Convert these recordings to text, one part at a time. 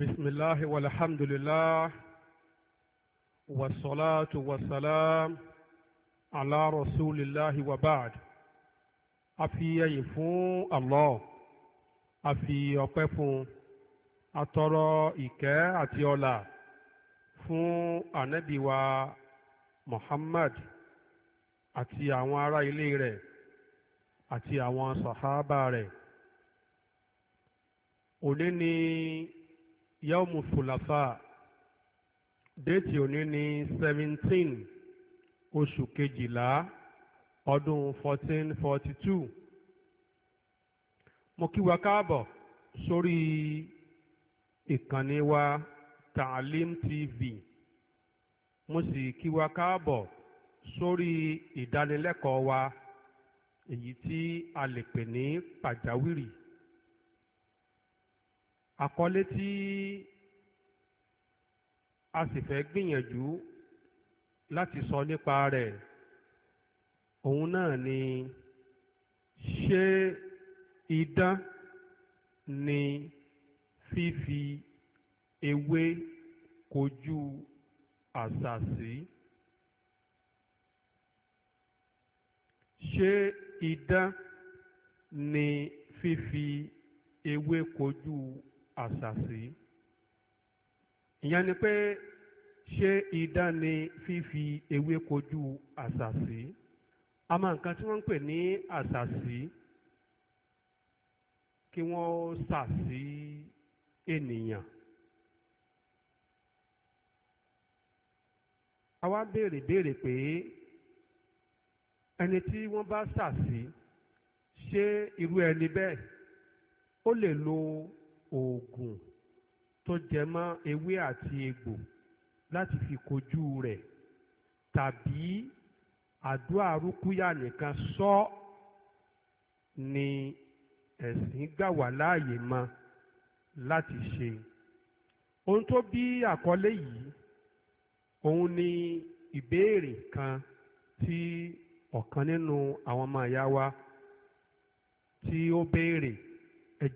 بسم الله والحمد لله والصلاة والسلام على رسول الله وبعد أفي فون الله أفي أقفون أترى إكاء أتيولا fún ànábì wa Muhammad àti àwọn ará ilé rẹ̀ àti yawmu fulafa déètì òní ní seventeen oṣù kejìlá ọdún fourteen forty two mo kí wa káàbọ̀ sórí ìkànnì wa Taalim TV mo sì kí wa káàbọ̀ sórí ìdánilẹ́kọ̀ọ́ wa èyí tí a lè pè ní pàjáwìrì àkọlé tí a sì fẹ́ gbìyànjú láti sọ nípa rẹ̀ òun náà ni ṣé idán ni fífi ewé kojú àṣàṣì ṣé idán ni fífi ewé kojú àṣàṣì àṣàṣì ìyẹn ni pé ṣé idán ni fífi ewé kojú àṣàṣì àmọ́ nǹkan tí wọ́n ń pè ní àṣàṣì kí wọ́n ṣàṣì ènìyàn. a wá béèrè béèrè pé ẹni tí wọ́n bá ṣàṣì ṣé irú ẹni bẹ́ẹ̀ ó lè lo oògùn tó jẹ mọ́ ewé àti egbò láti fi kojú rẹ̀ tàbí àdúrà rúkúyà nìkan sọ ni ẹ̀sìn gbà wá láàyè mọ́ láti ṣe ohun tó bí àkọlé yìí òun ni ìbéèrè kan tí ọ̀kan nínú àwọn ọmọ ìyá wa tí ó béèrè ẹ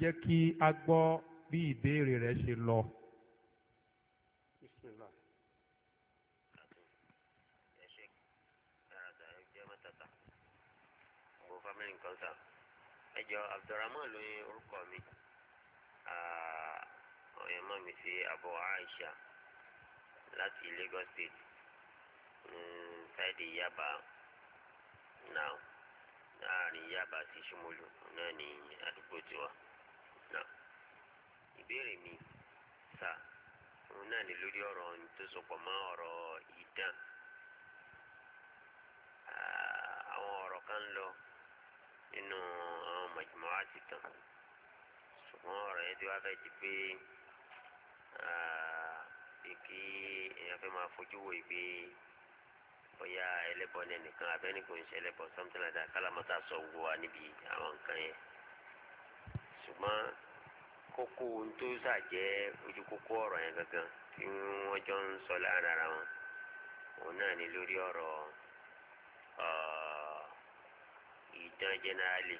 jẹ́ kí a gbọ́ bí ìbéèrè rẹ̀ ṣe lọ. mẹ́rin Abdulrahman ló yin orúkọ mi ọ̀yẹ́ mọ́ mi sí àbọ̀ Aisha láti Lagos State ṣáìdì hmm, Yaba now láàrin Yaba sí Ṣómólú náà ní àdúgbò tiwa náà ìbéèrè mi sà òun náà ní lórí ọ̀rọ̀ tó sopọ̀ mọ́ ọ̀rọ̀ idán àwọn ọ̀rọ̀ kan lọ nínú àwọn mọ̀jùmọ́ àti tàn ṣùgbọ́n ọ̀rọ̀ yẹn ti wá fẹ́ di pé bí kí èèyàn fẹ́ máa fojú wo ìgbé bóyá ẹlẹ́bọ ní ẹnìkan abẹ́ni kò ń ṣe ẹlẹ́bọ something like that kálámọ́tà sọ wo wa níbi àwọn nǹkan yẹn ṣùgbọ́n kókó ohun tó ṣàjẹ́ ojú kókó ọ̀rọ̀ yẹn gangan tí wọ́n jọ ń sọ láàárín ara wọn òun náà ni lórí ọ̀rọ̀ ìdán jẹ́nẹ́rálì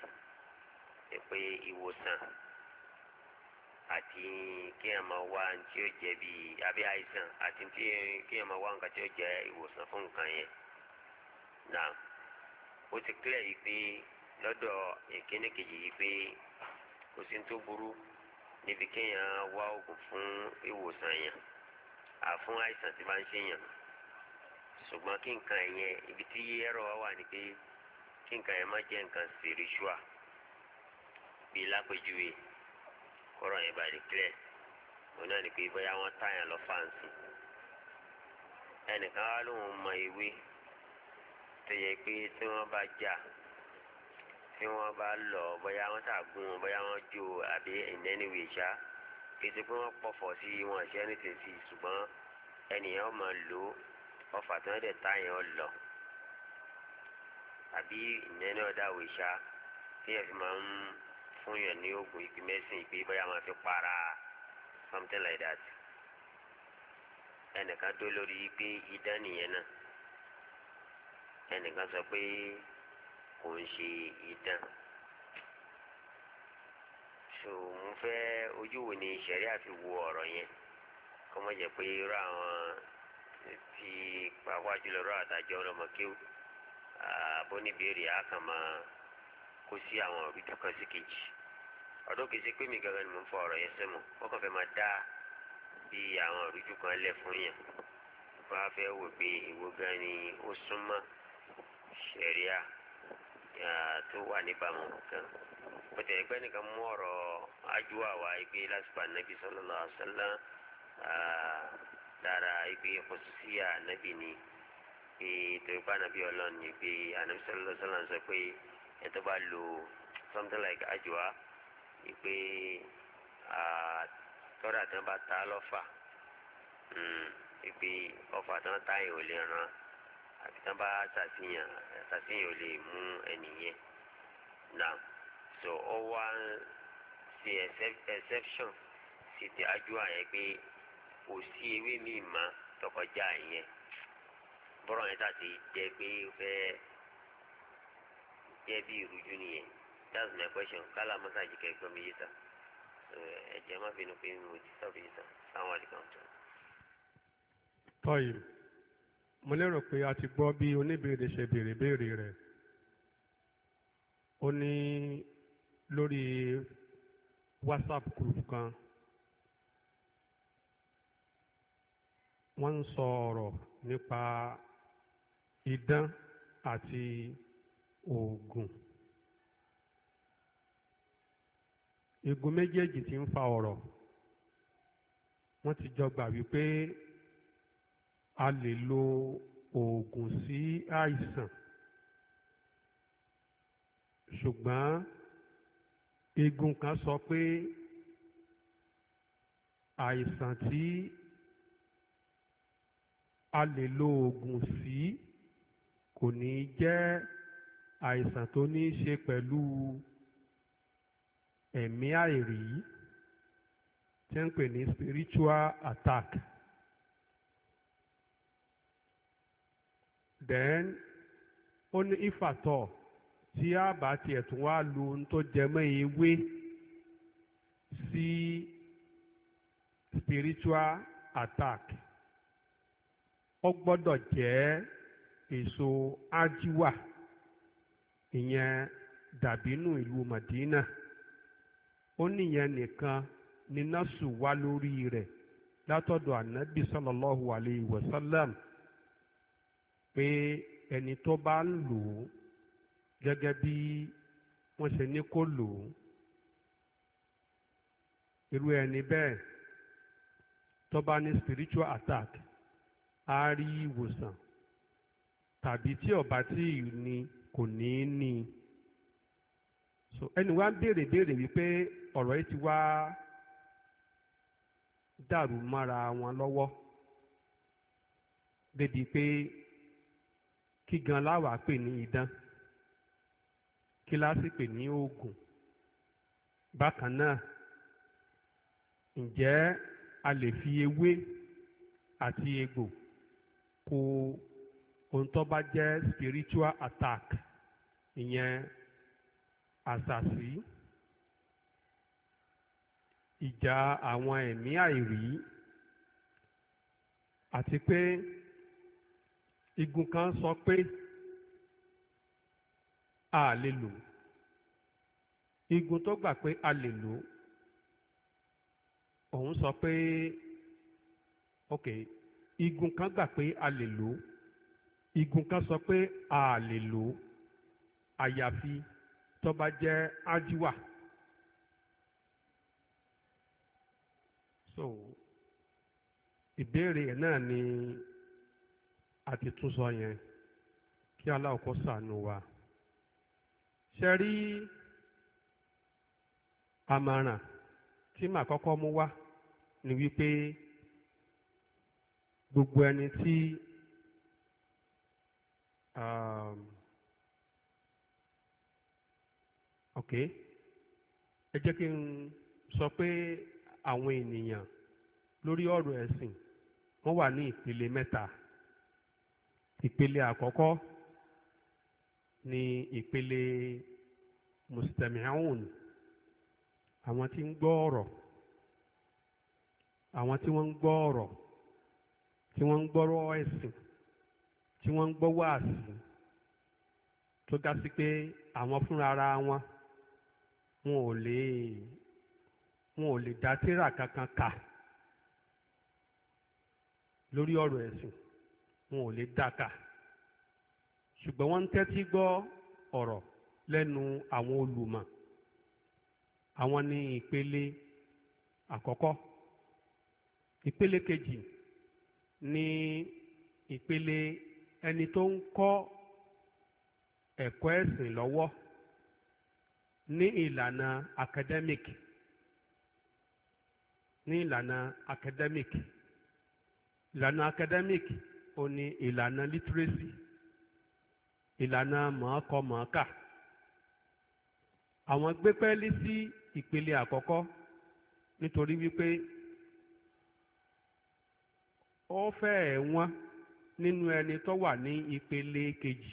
pé ìwòsàn. àti kí ẹ máa wá tí ó jẹ bíi àìsàn àti kí ẹ máa wá nǹkan tí ó jẹ ìwòsàn fún nǹkan yẹn náà ó ti clear yìí pé lọ́dọ̀ ìkíní kejì yìí pé kò sí tó burú níbi kéèyàn wá oògùn fún ìwòsàn yẹn àfún àìsàn tí si ń ṣe ṣùgbọ́n kí nǹkan yẹn ibi tí wa wà ni pé kí nǹkan yẹn má jẹ́ nǹkan bíi kọ́rọ̀ yẹn bá lè clear òun náà ni pé bóyá wọ́n táyàn lọ fáǹsì ẹnìkan wá lóun mọ ewé tó yẹ pé tí wọ́n bá jà tí wọ́n bá lọ bóyá wọ́n ṣàgùn wọn bóyá wọ́n jó àbí in any way pé wọ́n pọ̀fọ̀ sí wọn ṣe anything sí ṣùgbọ́n ẹnìyàn máa lò ọfà tí wọ́n dẹ̀ táyàn lọ àbí in any other tí yẹn fi máa ń fún yàn ní oògùn ìgbé mẹ́sìn ìgbé bóyá máa fi para something like that ẹnìkan dó lórí pé idán nìyẹn náà ẹnìkan sọ pé kò ń ṣe idán so mo fẹ́ ojú wo ni sẹ̀rí àfi wo ọ̀rọ̀ yẹn kọ́ mọ̀ jẹ́ pé irú àwọn ti pàápàá jùlọ irú àtàjọ ọlọmọ kéwù àbóníbèrè àkàmọ́ kó sí àwọn òbí tó kàn sí kejì ọdún kìí ṣe pé mi gangan ni mo ń fọ ọ̀rọ̀ yẹn sẹ́mu wọ́n kàn fẹ́ máa dá bí àwọn ìrújú kan lẹ̀ fún yàn wọ́n á fẹ́ wò pé èwo gan ni ó súnmọ́ ṣẹ̀ríà tó wà níbàámu kan pẹ̀tẹ̀ ẹgbẹ́ nìkan mú ọ̀rọ̀ ajúwà wá ipe lásìkò ànábì sallallahu alaihi dára ipe khususiyya ànábì ni pé torí ànábì ọlọ́run pé ànábì sallallahu alaihi sọ pé ẹ̀ tó bá lo something like ajúwà wípé tọ́ra tí wọ́n bá ta lọ́fà hmm, wípé ọfà tí wọ́n ta yẹn ò lè ran àbí tí wọ́n bá ṣàfihàn ṣàfihàn ò lè mú ẹnìyẹn náà so ó wá ṣe exception sí ti ajú àyẹn pé kò sí ewé mi mọ́ tọkọjá yẹn bọ́rọ̀ yẹn tà ti jẹ́ pé ó fẹ́ jẹ́ bí ìrújú nìyẹn that's my question kálá mọ́sáàjì kẹ́gbọ́n mi yìí sá ẹ̀jẹ̀ má bínú pé mo ti sọ̀rọ̀ yìí sá sáwọn àdìgbàntọ́. tọ́yì mo lérò pé a ti gbọ́ bí oníbèrè ṣe béèrè béèrè rẹ̀ ó ní whatsapp group kan wọ́n ń sọ ọ̀rọ̀ nípa idán àti oògùn. egun méjèèjì tí ń fa ọ̀rọ̀ wọ́n ti jọ gbà wípé a lè lo oògùn sí àìsàn ṣùgbọ́n egun kan sọ pé àìsàn tí a lè lo oògùn sí kò ní jẹ́ àìsàn tó ní í ṣe pẹ̀lú ẹ̀mí àìrí tí ń pè ní spiritual attack. then ó ní ìfàtọ̀ tí a bá tiẹ̀ tún wá lu ohun tó jẹ mọ́ ewé sí spiritual attack ó gbọ́dọ̀ jẹ́ èso ájíwà ìyẹn dàbínú ìlú Madina. ó níyẹn nìkan ni násù wá lórí rẹ̀ látọ̀dọ̀ ànábì sallallahu alayhi wa sallam pé ẹni tó bá ń lò ó gẹ́gẹ́ bí wọ́n ṣe ní kó lò ó irú ẹni tó bá ní spiritual attack á rí ìwòsàn tàbí tí ó bá tí ì ní kò ní í ní so ẹni wá ń béèrè béèrè wípé ọ̀rọ̀ yìí ti wá dàrú mára wọn lọ́wọ́ débi pé kí gan láwà pè ní idán kí láti pè ní oògùn bákan náà ǹjẹ́ a lè fi ewé àti egbò kó ohun tó bá jẹ́ spiritual attack ìyẹn àṣàsí ìjà àwọn ẹ̀mí àìrí àti pé igun kan sọ pé a lè lò igun tó gbà pé a lè lò òun sọ pé ok igun kan gbà pé a lè lò igun kan sọ pé a lè lò àyàfi tó bá jẹ́ so ìbéèrè náà ni àti tún sọ yẹn kí aláwọ̀ kó ṣàánú wa ṣe rí àmàràn tí màá kọ́kọ́ mú wá ni wípé gbogbo ẹni tí um, ok ẹ jẹ́ kí n sọ pé àwọn ènìyàn lórí ọ̀rọ̀ ẹ̀sìn wọ́n wà ní ìpele mẹ́ta ìpele àkọ́kọ́ ni ìpele mùsùlùmíhàn àwọn tí ń gbọ́ ọ̀rọ̀ àwọn tí wọ́n ń gbọ́ ọ̀rọ̀ tí wọ́n ń gbọ́rọ̀ ẹ̀sìn tí wọ́n ń gbọ́ wáàsí tó ga sí pé àwọn fúnra ara wọn. wọn ò lè wọn ò lè dá tírà kankan kà lórí ọ̀rọ̀ ẹ̀sìn wọn ò lè dá kà ṣùgbọ́n wọ́n ń tẹ́tí gbọ́ ọ̀rọ̀ lẹ́nu àwọn olùmọ̀ àwọn ní ìpele àkọ́kọ́ ìpele kejì ní ìpele ẹni tó ń kọ́ ẹ̀kọ́ ẹ̀sìn lọ́wọ́. ní ìlànà academic ní ìlànà academic ìlànà academic ò ní ìlànà literacy ìlànà mọ̀ọ́kọ-mọ̀ọ́kà àwọn gbé pẹ́ẹ́lí sí ìpele àkọ́kọ́ nítorí wípé ó fẹ́ẹ̀ wọ́n nínú ẹni tó wà ní ìpele kejì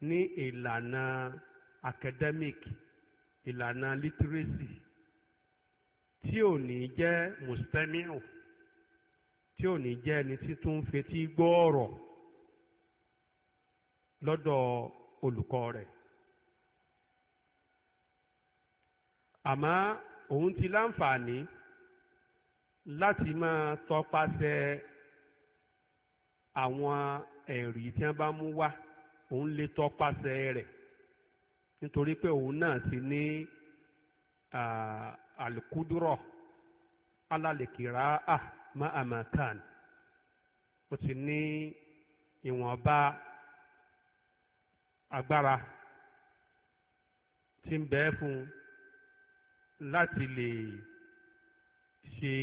ní ìlànà academic ìlànà literacy tí ò ní jẹ́ mùsùlùmíù tí ò ní jẹ́ ẹni tí tún ń fetí gbọ́ ọ̀rọ̀ lọ́dọ̀ olùkọ́ rẹ̀ àmọ́ òun ti láǹfààní láti máa tọpasẹ̀ àwọn ẹ̀rí tí wọ́n bá mú wá òun lè tọpasẹ̀ rẹ̀ nítorí pé òun náà ti ní alukudurọ alalekira ah ma amakan ó ti ní ìwọ̀nba agbára tí ń bẹ fún láti lè ṣe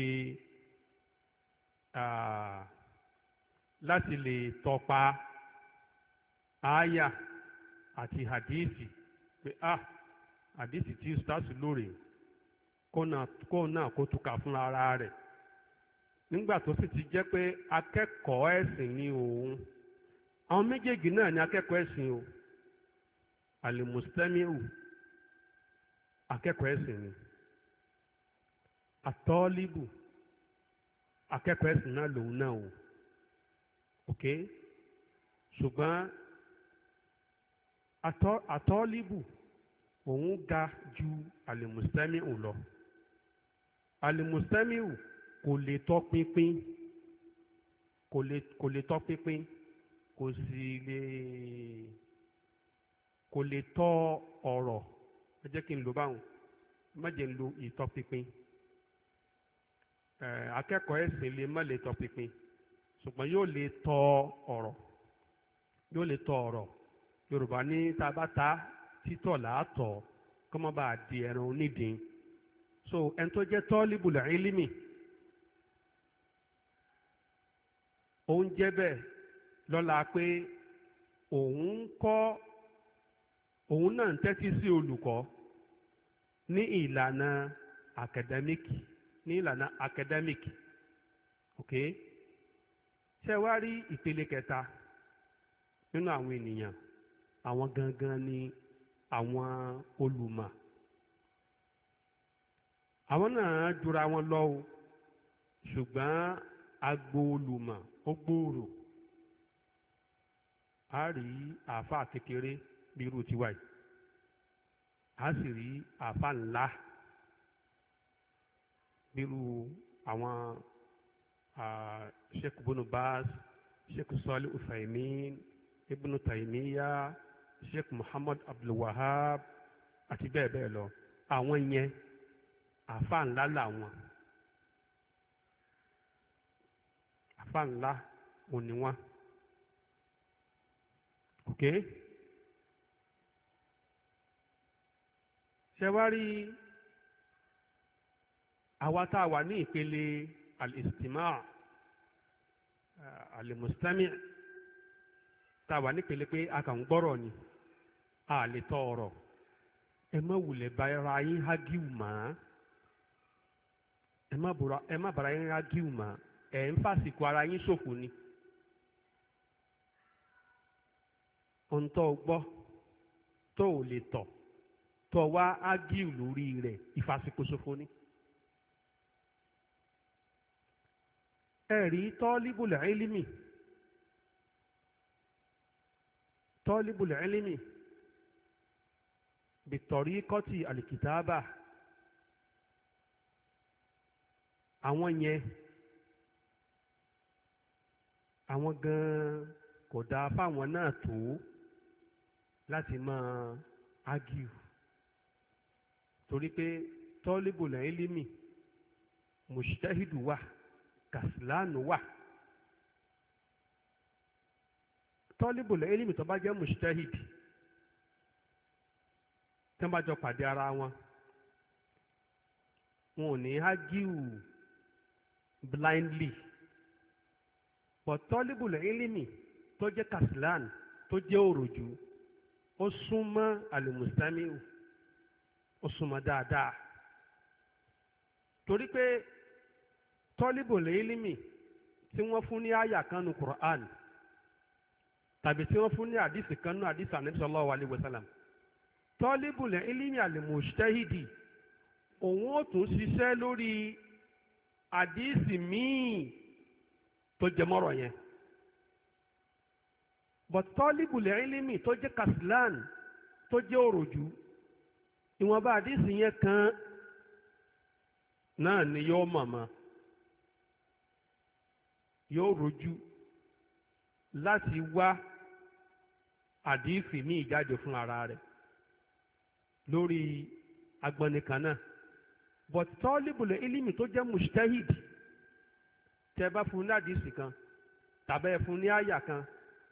láti lè tọpa. aya àti Hadithi pé ah hadisi tí ustaz lóore kó náà kó túká fún ara rẹ̀ nígbà tó sì ti jẹ́ pé akẹ́kọ̀ọ́ ẹ̀sìn ni òun àwọn méjèèjì náà ni akẹ́kọ̀ọ́ ẹ̀sìn o alimusitẹ́míhù akẹ́kọ̀ọ́ ẹ̀sìn ni atọ́líbù akẹ́kọ̀ọ́ ẹ̀sìn náà lòun náà o ok ṣùgbọ́n àtọ́líbù òun ga ju àlìmùsẹ́míù lọ àlìmùsẹ́míù kò lè tọpinpin kò lè kò lè tọpinpin kò sì lè kò lè tọ ọ̀rọ̀ ẹ jẹ́ kí n lò báwọn má jẹ́ n lo ìtọpinpin akẹ́kọ̀ọ́ ẹ̀sìn lè má lè tọpinpin ṣùgbọ́n yóò lè tọ ọ̀rọ̀ yóò lè tọ ọ̀rọ̀ yorùbá ní tabata a ta ẹran onídìí so ẹni tó jẹ́ tọ́líbùlà ìlímì òun jẹ́ bẹ́ẹ̀ lọ́la pé òun kọ́ òun náà ń tẹ́tí sí olùkọ́ ní ìlànà akadẹ́míkì ní ìlànà akadẹ́míkì ok ṣé wá rí ìpele àwọn gangan ni àwọn olùmọ̀ àwọn náà jura wọn lọ o ṣùgbọ́n agbo olùmọ̀ ó gbòòrò a rí àáfàá kékeré bí irú tiwa yìí a sì rí àáfàá ńlá bí irú àwọn sheikh bunu baas sheikh sọ́ọ́lì ufaimin ibnu taimiya sheikh muhammad abdulwahab àti bẹ́ẹ̀ bẹ́ẹ̀ lọ àwọn yẹn àfa ńlá làwọn àfa ńlá òní wọn ok ṣe wá àwa tá a wà ní ìpele al-istima eh, al-mustami' tá a wà nípele pé a kàn ń gbọ́rọ̀ ni. a le tɔɔrɔ ɛma wu le barayi hagiw ma ɛma bora ɛma barayi hagiw ma ɛnfa si ko ara yin soko ni ɔntɔ gbɔ o le tɔ tɔ wa hagiw lori rɛ ifa si ko soko ni ɛri tɔ bìtọ̀ríkọ́tì àlìkìtàbà àwọn yẹn àwọn gan-an kò dáa fáwọn náà tó láti máa ágìw torí pé tọ́lébù lẹ́yìn límì mùsítẹ́hìdù wà kàsílánù wà tọ́lébù lẹ́yìn límì tó bá jẹ́ mùsítẹ́hìdù tí wọ́n bá jọ pàdé ara wọn wọn ò ní ágíù blindly but tọ́líbùlẹ̀ ilimi tó jẹ́ kasilan tó jẹ́ òròjú ó súnmọ́ àlùmùsámíù ó súnmọ́ dáadáa torí pé tọ́líbùlẹ̀ ílímì tí wọ́n fún ní àyà kan nu Qur'an tàbí tí wọ́n fún ní àdìsí kan nu àdìsí ànábì sallallahu alaihi wasallam tọ́líbùlẹ̀ ilimi àlèmọ̀ṣẹ́hìdì òun ó tún ṣiṣẹ́ lórí àdíìsì míì tó jẹ mọ́rọ̀ yẹn but tọ́líbùlẹ̀ ilimi tó jẹ́ kasilan tó jẹ́ òròjú ìwọ̀nba àdíìsì yẹn kan náà ni yóò mọ̀mọ́ yóò rojú láti wá àdíìsì míì jáde fún ara rẹ̀. lórí agbọnìkan náà but tọ́líbùlẹ̀ ilimi tó jẹ́ mùsítẹ́hìd tẹ́ bá fún ní àdìsí kan tàbẹ́ fún ní àyà kan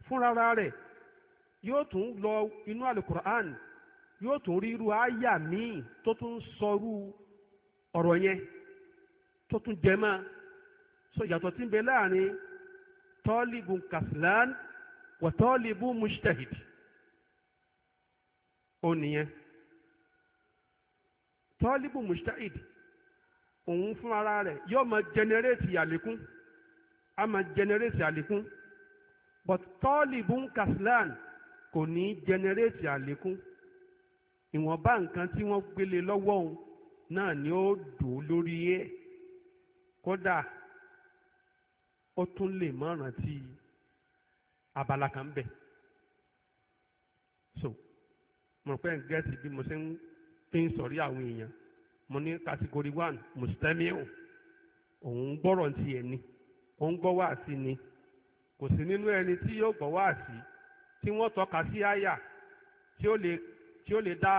fúnra rẹ̀ yóò tún lọ inú alukur'an yóò tún rí irú àyà míì tó tún sọrú ọ̀rọ̀ yẹn tó tún jẹ mọ́ so yàtọ̀ tí ń bẹ láàrin tọ́líbù kasilan wà tọ́líbù mùsítẹ́hìd ó nìyẹn tọ́líbù mustahid òun fún ara rẹ̀ yóò máa jẹnẹrétì àlékún a máa jẹnẹrétì àlékún but tọ́líbù kaslan kò ní jẹnẹrétì àlékún ìwọ̀nba nǹkan tí wọ́n gbélé lọ́wọ́ òun náà ni ó dùn lórí ẹ̀ kódà ó tún lè má rántí abala kan bẹ̀ so mo pẹ́ ń gẹ́sì bí mo ṣe ń tí ń sọ̀rí àwọn èèyàn mo ní category one mùsùlùmíù òun gbọ́rọ̀ ti ẹ̀ ni òun gbọ́ wáàsí ni kò sí nínú ẹni tí yóò gbọ́ wáàsí tí wọ́n tọ́ka sí àyà tí ó lè tí ó lè dá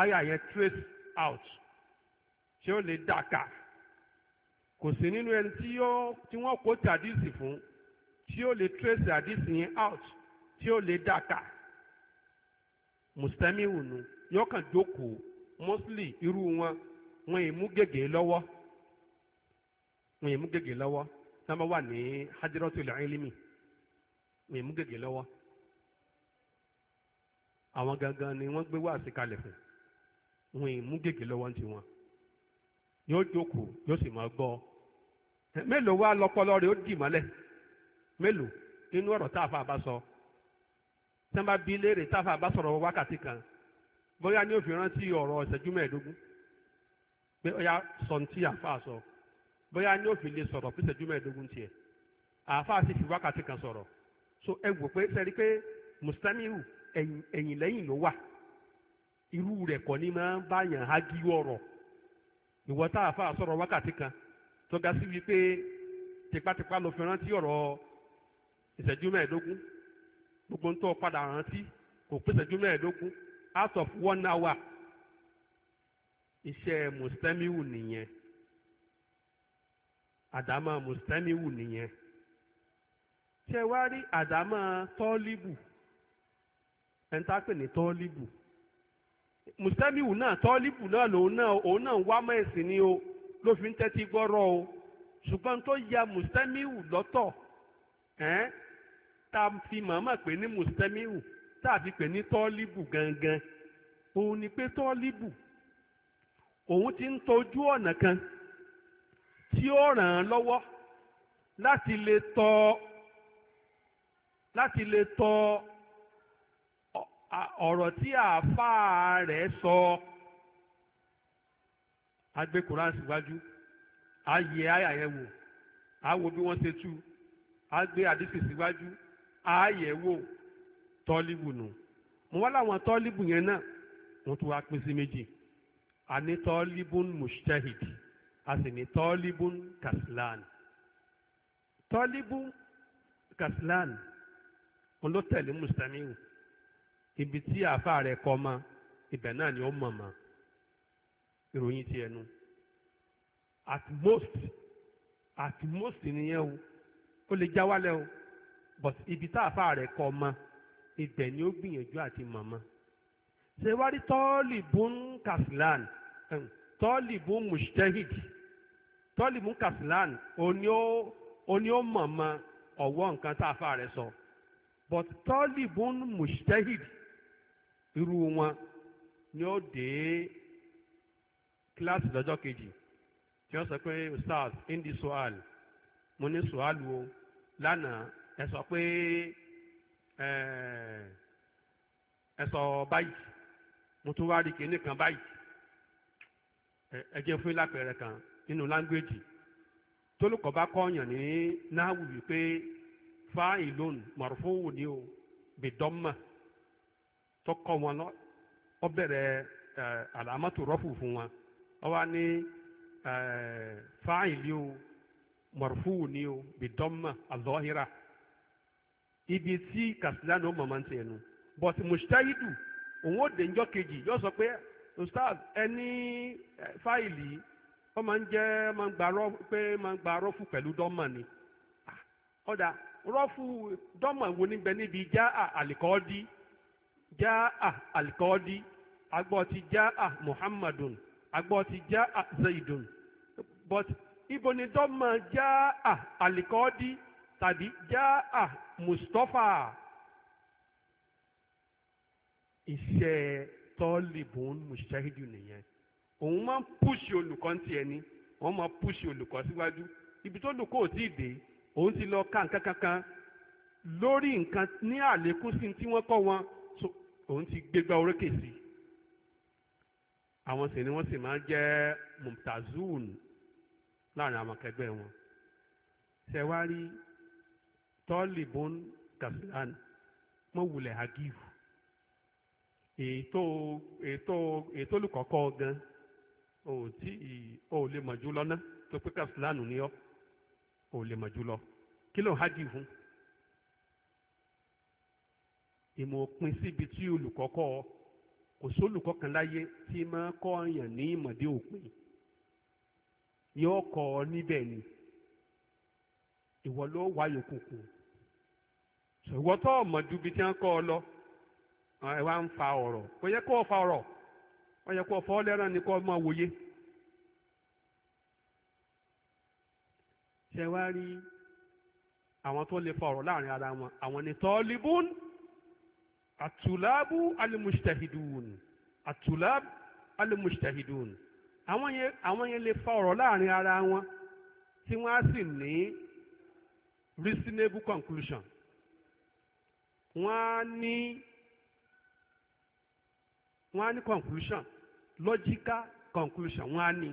àyà yẹn trace out tí ó lè dà kà kò sí nínú ẹni tí yóò tí wọ́n kó tàdísì fún tí ó lè trace àdísì yẹn out tí ó lè dà kà mùsùlùmíù No yóò kàn jókòó mọ́sílì irú wọn wọn èmú gègé lọ́wọ́ wọn èmú gègé lọ́wọ́ sábà wà ní hajjiratul ilmi wọn èmú gègé lọ́wọ́ àwọn gangan ni wọ́n gbé wáàsí kalẹ̀ fún wọn èmú gègé lọ́wọ́ ní tiwọn yóò jókòó yóò sì máa gbọ́ mélòó wá lọ́pọlọ rẹ̀ ó dì mọ́lẹ̀ mélòó nínú ọ̀rọ̀ táàfà bá sọ sábà bí léèrè táàfà bá sọ̀rọ̀ wákàtí kan bóyá ní òfin rántí ọ̀rọ̀ ìṣẹ́jú mẹ́ẹ̀ẹ́dógún pé ọ̀yá sọ̀ǹtì àáfàá sọ bóyá ní òfin lè sọ̀rọ̀ fún ìṣẹ́jú mẹ́ẹ̀ẹ́dógún tiẹ̀ àáfàá sì fi wákàtí kan sọ̀rọ̀ so ẹ wò pé sẹ́rí pé mùsùlùmíù ẹ̀yìn lẹ́yìn ló wà irú rẹ̀ kọ́ ni máa ń báyàn hági ọ̀rọ̀ ìwọ tá àáfàá sọ̀rọ̀ wákàtí kan tó ga sí wípé tipátipá ló fi rántí ọ̀rọ̀ ìṣẹ́jú mẹ́ẹ̀ẹ́dógún gbogbo ń tọ́ padà rántí kò pé ìṣẹ́jú mẹ́ẹ̀ẹ́dógún out of one hour iṣẹ́ mùsùlẹ́míwù nìyẹn àdámà mùsùlẹ́míwù nìyẹn ṣe wá rí àdámà tọ́líbù ẹni tá a pè ní tọ́líbù mùsùlẹ́míwù náà tọ́líbù náà lòun náà òun náà ń wá mọ́ ni o ló fi ń tẹ́tí gbọ́rọ̀ o ṣùgbọ́n tó ya mùsùlẹ́míwù lọ́tọ̀ ẹ́n tá a fi màmá pè ní mùsùlẹ́míwù tá a fi pè ní tọ́líbù gangan òun ni pé tọ́líbù òun ti ń tọ́jú ọ̀nà kan tí ó ràn án lọ́wọ́ láti lè tọ́ láti lè tọ́ ọ̀rọ̀ tí àáfàá rẹ̀ sọ agbẹ́kùnrin àṣìwájú ayé àyẹ̀wò àwo bí wọ́n ṣe tú agbé àdìsí síwájú àyẹ̀wò tọ́líbù nù mo wá láwọn tọ́líbù yẹn náà wọ́n tún wá pín sí méjì a ní tọ́líbùn mùsítẹ́hìd a sì ní tọ́líbùn kàsílán tọ́líbùn kàsílán wọn ló ibi tí àáfà rẹ̀ kọ́ ma ibẹ̀ náà ni ó mọ̀ mọ́ ìròyìn ti ẹnu at most at most nìyẹn o ó lè já wálẹ̀ o but ibi tá àáfà rẹ̀ kọ́ ma. ibẹ̀ ni ó gbìyànjú àti mọ̀mọ́ ṣe wá rí tọ́ọ̀lì bún kasilan tọ́ọ̀lì bún mujtahid tọ́ọ̀lì bún kasilan òní ó mọ̀mọ́ ọ̀wọ́ nǹkan tá a fà rẹ sọ but tọ́ọ̀lì bún mujtahid irú wọn ni ó dé kíláàsì lọ́jọ́ kejì tí wọ́n sọ pé ustaz indi soal mo ní soal wo lánàá ẹ sọ pé. e sọ báyìí mo tún wá rí kinní kan báyìí ẹ jẹ́ fún lápẹẹrẹ kan nínú bá ní mọ̀rọ̀fóòwò ni o bìdọ́mà tó kọ́ wọn lọ bẹ̀rẹ̀ àlámọ́tò fún wọn wá ní mọ̀rọ̀fóòwò ni ibi tí kàṣílánì ó mọ̀mọ́ ti ẹnu but mustahidu òun ó dé njọ́ kejì yóò sọ pé ustaz ẹni fáìlì ó máa ń jẹ́ máa ń gba rọ́ pé máa ń gba rọ́fù pẹ̀lú dọ́mà ni ọ̀dà rọ́fù dọ́mà wo ni níbi já àlìkọ́ọ́dí já àlìkọ́ọ́dí agbọ́ ti já muhammadun agbọ́ ti já zaidun but ibo ni dọ́mà já àlìkọ́ọ́dí tàbí jáà mustapha iṣẹ́ tọ́lìbùn mùsẹ́hídù nìyẹn òun máa ń púṣì olùkọ́ ti ẹni wọ́n máa púṣì olùkọ́ síwájú ibi tó lùkọ́ ò tí ì dé òun ti lọ ka nǹkan kankan lórí nǹkan ní àlékún sí tí wọ́n kọ́ wọn òun ti gbégbá orókè sí i àwọn sì ni wọ́n sì máa ń jẹ́ mumtazun láàrin àwọn akẹgbẹ́ wọn ṣe wá rí tọ́ọ̀lì bọ́n kàfíàn mọ́ wulẹ̀ hagivu ètò ètò ètò olùkọ́kọ́ gan ò tí ì ò lè mọ̀ jù lọ ná tó pé kàfíàn ni ọ́ ò lè mọ̀ jù lọ kí ló ń ìmọ̀ òpin síbi tí olùkọ́kọ́ kò sólùkọ́ kan láyé tí máa kọ́ ọ̀yàn ní ìmọ̀dé òpin yóò kọ́ ọ níbẹ̀ ni ìwọ ló wá yòókù ṣùgbọ́n tó ọmọ ju ibi tí wọ́n kọ́ ọ lọ ẹ wá ń fa ọ̀rọ̀ kò yẹ kó o fa ọ̀rọ̀ ó yẹ kó o fọ́ lẹ́ràn ni kó o máa wòye. ṣe wá rí àwọn tó lè fa ọ̀rọ̀ láàrin ara wọn àwọn ni tọ́libún àtùlábù alimusitahidun àtùlábù alimusitahidun àwọn yẹn àwọn yẹn lè fa ọ̀rọ̀ láàrin ara wọn tí wọ́n á sì ní reasonable conclusion wọ́n á ní conclusion logical conclusion wọ́n á ní.